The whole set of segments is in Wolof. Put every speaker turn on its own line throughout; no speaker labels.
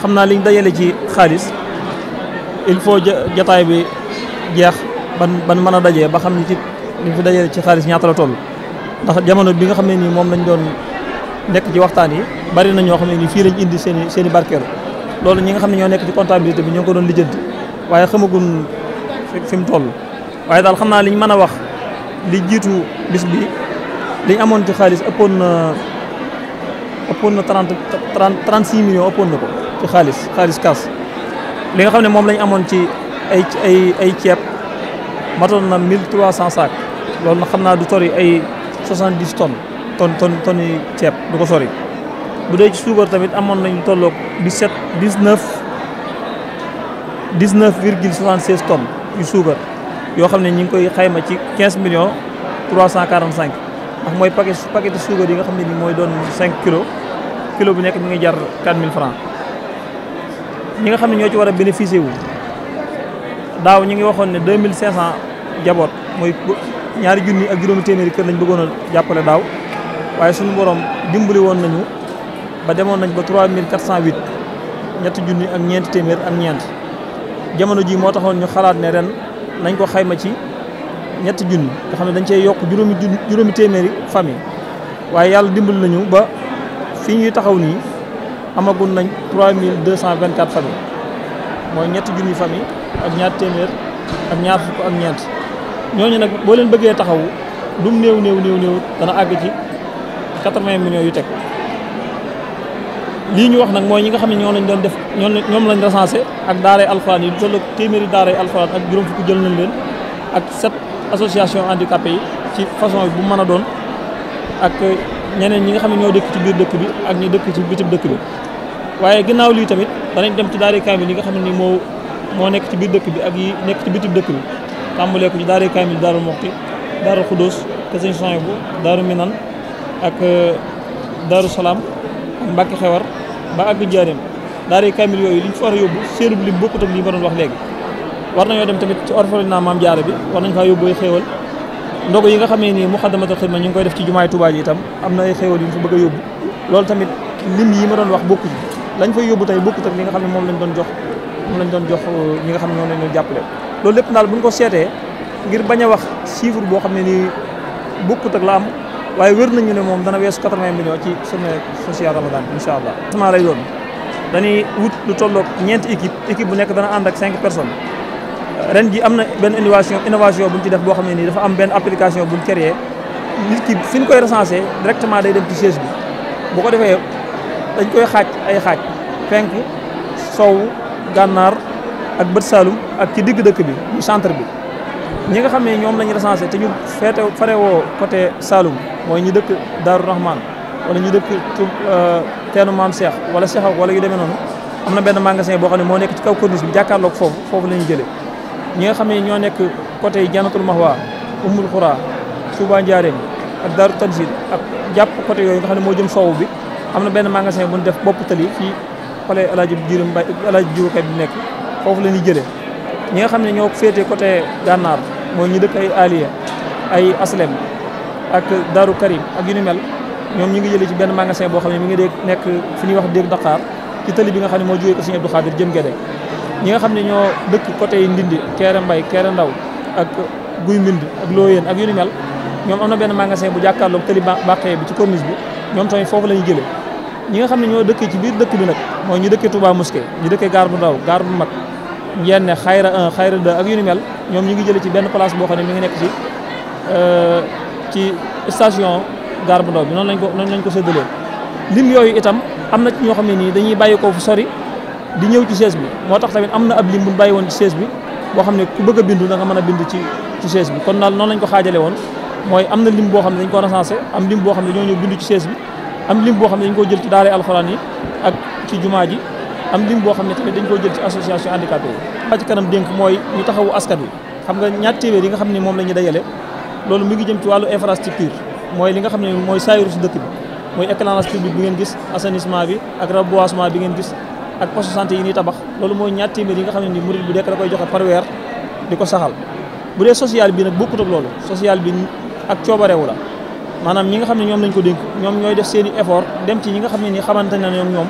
xam naa liñ dajale ci xaalis il faut jataay bi jeex ban ban mën a dajee ba xam ni ci liñ fi dajale ci xaalis ñaata la ndax jamono bi nga xam ne nii moom lañ doon nekk ci waxtaan yi bari na ñoo xam ne nii fii indi seen i seen barkeelu loolu ñi nga xam ne ñoo nekk ci comptabilité bi ñoo ko doon lijjanti waaye xamagun fi mu waaye daal xam naa liñ mën a wax li jiitu bis bi liñ amoon ci xaalis ëppoon na ëppoon na trente trente six millions ëppoon na ko ci xaalis xaalis kaas li nga xam ne moom lañ amoon ci ay ay ay ceeb matoon na cent saak loolu na xam naa du sori ay 70 tonnes tonnes tonnes tonnes yi ceeb du ko sori bu dee ci suukar tamit amoon nañ tolloog 17 19 19 virgule 76 tonnes yu suukar yoo xam ne ñu ngi koy xayma ci 15 millions 345 ndax mooy paquet paquet suukar yi nga xam ne ni mooy doon cinq kilos kilo bu nekk mi ngi jar 4000 francs ñi nga xam ne ñoo ci war a bénéficier wu daaw ñu ngi waxoon ne 2500 jaboot mooy ñaari junni ak juróomi téeméeri kër lañ bëggoon jàppale daaw waaye suñu borom dimbali woon nañu ba demoon nañ ba 3408 ñetti junni ak ñeenti téeméer ak ñeent jamono ji moo taxoon ñu xalaat ne ren nañ ko xayma ci ñetti junni nga xam ne dañ cee yokk juróomi junni juróomi téeméeri famille waaye yàlla dimbali nañu ba fii ñuy taxaw nii amagun nañ trois mille deux cent vingt quatre famille mooy ñetti junni famille ak ñaar téeméer ak ñaar fukk ak ñeent ñooñu nag boo leen bëggee taxawu lu néew néew néew néew dana àgg ci quatre-vingts millions yu teg lii ñu wax nag mooy ñi nga xam ne ñoo lañ doon def ñoom lañ recensé ak daaray alxuraan yi lu toll téeméeri daaray alxuraan ak juróom fukk jël nañ leen ak sept association handicapé yi ci façon bu mën a doon ak ñeneen ñi nga xam ne ñoo dëkk ci biir dëkk bi ak ñu dëkk ci bitim dëkk bi waaye ginnaaw lii tamit danañ dem ci daari kaamil yi nga xam ne ni moo moo nekk ci biir dëkk bi ak yi nekk ci bitib dëkk bi tàmbalee ko ci daari kaamil daaru moxti daaru xudóos te sëñ Soñ bu daaru minan ak euh, daaru salaam ak mbàkki xewar ba àgg jaareem daari kaamil yooyu liñ fa war a yóbbu séerub lim bokkut ak li ma doon wax léegi war nañoo dem tamit ci orphelinat maam jaara bi war nañ faa yóbbu ay xéewal ndogu yi nga xamee nii Muxaddamatul Xidma ñu ngi koy def ci jumaay Tuubaa ji itam am na ay xéwal yu ñu bëgg a yóbbu loolu tamit lim yi ma doon wax bokku ci lañ yóbbu tey bokkut ak li nga xam ne moom lañ doon jox moom lañ doon jox euh, ñi nga xam ne ñoom lañ doon jàppale loolu lépp daal buñ ko seetee ngir bañ a wax chiffre boo xam ne nii bokkut ak la am waaye wér nañu ne moom dana weesu 80 millions ci semaine sociale Ramadan incha allah. lay doon dañuy wut lu tolloog ñeenti équipe équipe bu nekk dana ànd ak 5 personnes ren ji am na benn innovation innovation bu ci def boo xam ne nii dafa am benn application bu ñu créé nit ki fi ñu koy recensé directement day dem ci siège bi bu ko defee dañ koy xaaj ay xaaj penk sow gànnaar ak bët saalum ak ci digg dëkk bi mu centre bi ñi nga xam ne ñoom lañu ñu recensé te ñu feete farewoo côté saalum mooy ñu dëkk Daaru Rahman wala ñu dëkk euh, teenu maam Cheikh wala Cheikh wala yu demee noonu am na benn magasin boo xam ne moo nekk ci kaw corniche bi jàkkaarloog foofu foofu la ñu jëlee ñi nga xam ne ñoo nekk côté Jannatul Mahwa Umul Xura Touba Ndiarène ak Daaru Tanzil ak jàpp côté yooyu nga xam ne moo jëm soowu bi am na benn magasin bu ñu def bopp tali fii xoolee El Hadj Diouré Mbaye El Hadj bi nekk foofu la ñuy jëlee ñi nga xam ne ñoo féete côté gànnaar mooy ñu dëkk ay Aliya ay Aslem ak Daaru Karim ak yu ni mel ñoom ñu ngi jëlee ci benn magasin boo xam ne mu ngi dégg nekk fi ñuy wax dégg Dakar ci tali bi nga xam ne moo jógee ko Sëñ Abdou jëm Gédé ñi nga xam ne ñoo dëkk côté yi Ndindi Kéré Mbay Kéré Ndaw ak Guy Mbind ak Looyeen ak yu ni mel ñoom am na benn magasin bu jàkkaarloo jàkkaarloog tëli bàqee bi ci corniche bi ñoom tamit foofu la ñu jëlee ñi nga xam ne ñoo dëkkee ci biir dëkk bi nag mooy ñu dëkkee Touba Mosquée ñu dëkkee gaar bu ndaw gaar bu mag yenn xayra 1 xayra ak yu ñoom ñu ngi jëlee ci benn place boo xam ne mi ngi nekk ci euh, ci station gaar bu ndaw bi noonu lañ ko noonu lañ ko séddalee lim yooyu itam am na ci ñoo xam ne nii dañuy bàyyi ko fu sori di ñëw ci chaise bi moo tax tamit am na ab lim bu bàyyi woon ci chaise bi boo xam ne ku bëgg a bindu da mën a bind ci ci chaise bi kon daal noonu lañ ko xaajale woon mooy am na lim boo xam ne dañ ko recensé am lim boo xam ne ñoo ñëw bindu ci chaise bi am lim dañ koo jël ci daara alxuraan yi ak ci jumaa ji am lim boo xam ne tamit dañ koo jël ci association handicapé yi ci kanam dénk mooy ñu taxawu askan wi xam nga ñaat téeméer yi nga xam ne moom la ñu dajale loolu mu ngi jëm ci wàllu infrastructure mooy li nga xam ne mooy saayiru su dëkk bi mooy éclairage bi ngeen gis assainissement bi ak gis ak poste santé yi ñuy tabax loolu mooy ñaar téeméer yi nga xam ne ni murid bu nekk da koy joxe par di ko saxal bu dee social bi nag bokkut ak loolu social bi ak coobarewu la maanaam ñi nga xam ne ñoom lañ ko dénk ñoom ñooy def seen i effort dem ci ñi nga xam ne ni xamante na ñoom ñoom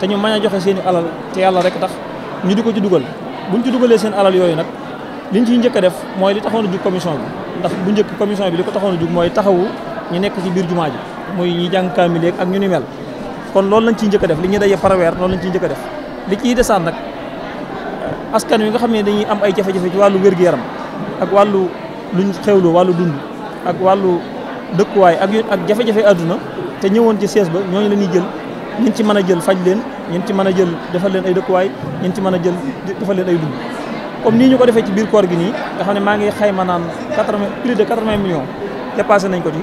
te ñu mën a joxe seen i alal te yàlla rek tax ñu di ko ci dugal buñ ci dugalee seen alal yooyu nag liñ ciy njëkk def mooy li taxoon a jug commission bi ndax bu njëkk commission bi li ko mooy taxawu ñu nekk ci biir jumaa ji muy ñi jàng kaamil ak ñu ni kon loolu lañ ciy njëkk a def li ñuy daje par weer loolu lañ ciy njëkk a def li ciy desaan nag askan wi nga xam ne dañuy am ay jafe-jafe ci wàllu wér-gu-yaram ak wàllu luñ xewloo wàllu dund ak wàllu dëkkuwaay ak ak jafe-jafe àdduna te ñëwoon ci sees ba ñooñu la ñuy jël ñeen ci mën a jël faj leen ñeen ci mën a jël defal leen ay dëkkuwaay ñeen ci mën a jël defal leen ay dund comme nii ñu ko defee ci biir koor gi nii nga xam ne maa ngi xayma naan quatre-vingts de quatre-vingts millions dépassé nañ ko ci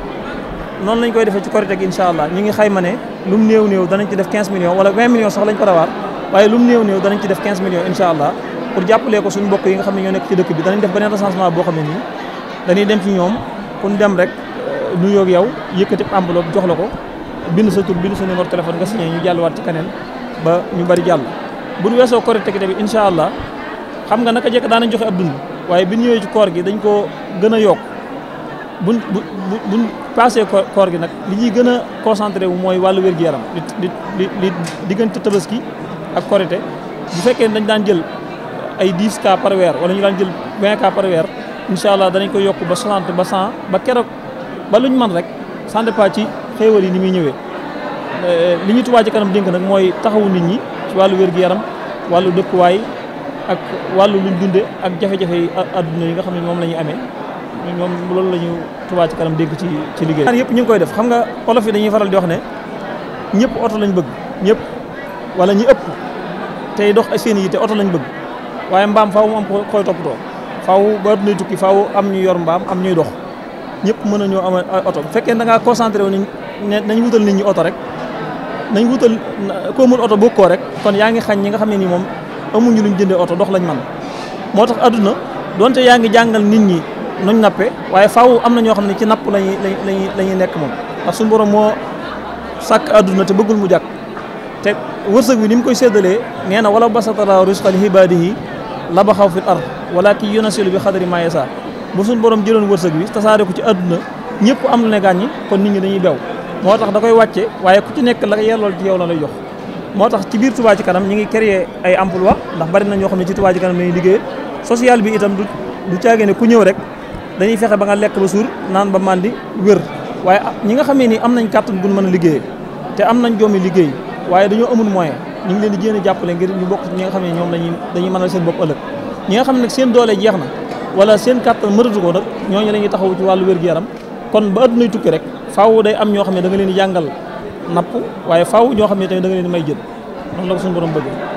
noonu lañ koy defee ci korite gi allah ñu ngi xayma ne lu mu néew néew danañ ci def 15 millions wala 20 millions sax lañ prévoir waaye lu mu néew néew danañ ci def 15 millions incha allah pour jàppalee ko suñu mbokk yi nga xam ne ñoo nekk ci dëkk bi danañ def beneen recensement boo xam ne nii dañuy dem ci ñoom ku ñu dem rek euh, nuyoo ak yow yëkkati enveloppe jox la ko bind sa tur bind sa numéro téléphone nga signé ñu jàlluwaat ci keneen ba ñu bari jàll. bu ñu weesoo korite gi tamit allah xam nga naka jekk daanañ joxe ab dund waaye bi ñëwee ci koor gi dañ koo gën a yokk buñ bu buñ passé koor gi nag li ñuy gën a concentré wu mooy wàllu wér-gu-yaram li li li diggante gi ak korite bu fekkee dañ daan jël ay 10 cas par weer wala ñu daan jël 20 cas par weer incha allah danañ ko yokk ba 60 ba 100 ba keroog ba luñ man rek sans départ ci xéewal yi ni muy ñëwee euh, li ñu Touba Ca Kanam dénk nag mooy taxawu nit ñi ci wàllu wér-gu-yaram wàllu dëkkuwaay ak wàllu luñ dunde ak jafe-jafe yi adduna yi nga xam ne moom la ñuy amee ñoom loolu la ñu Touba ci kanam dégg ci ci liggéey yëpp ñu koy def xam nga olof dañuy faral di wax ne ñëpp oto lañ bëgg ñëpp wala ñi ëpp tey dox seen yi te oto lañ bëgg waaye mbaam faaw mu am koy toppatoo faaw ba nay tukki faaw am ñu yor mbaam am ñuy dox ñëpp mën a ñoo am oto bu fekkee da ngaa concentré wu ne nañ wutal nit ñi oto rek nañ wutal koo mën oto bokkoo rek kon yaa ngi xañ ñi nga xam ne nii moom amuñu luñ jëndee oto dox lañ man moo tax adduna donte yaa ngi jàngal nit ñi nuñ nappe waaye faaw am na ñoo xam ne ci napp lañuy lañuy lañuy nekk moom ndax suñu borom moo sàkk adduna te bëggul mu jàkk te wërsëg bi ni mu koy séddalee nee na wala basatala risqa li ibaadihi la ba xaw fil ard wala ki yunasilu bi xadari ma yasa bu suñu borom jëloon wërsëg bi tasaare ku ci àdduna ñëpp am lu ne gàññi kon nit ñi dañuy bew moo tax da koy wàcce waaye ku ci nekk la yellool ci yow la lay jox moo tax ci biir Touba ci kanam ñi ngi créer ay emploi ndax bari na ñoo xam ne ci Touba ci kanam lañuy liggéey social bi itam du caagee ne ku ñëw rek dañuy fexe ba nga lekk ba suur naan ba màndi wér waaye ñi nga xamee ni am nañ kàttan gun mën a liggéey te am nañ joomi liggéey waaye dañoo amul moyen ñu ngi leen di jéem a jàppale ngir ñu bokk ñi nga xam ne ñoom dañuy dañuy mënal seen bopp ëllëg ñi nga xam ne seen doole jeex na wala seen kàttan mënatu ko nag ñooñu la ñuy taxaw ci wàllu wér-gu-yaram kon ba addunay tukki rek faaw day am ñoo xam ne da leen di jàngal napp waaye faw ñoo xam ne tamit da nga leen di may jël noonu la ko suñu borom bëgg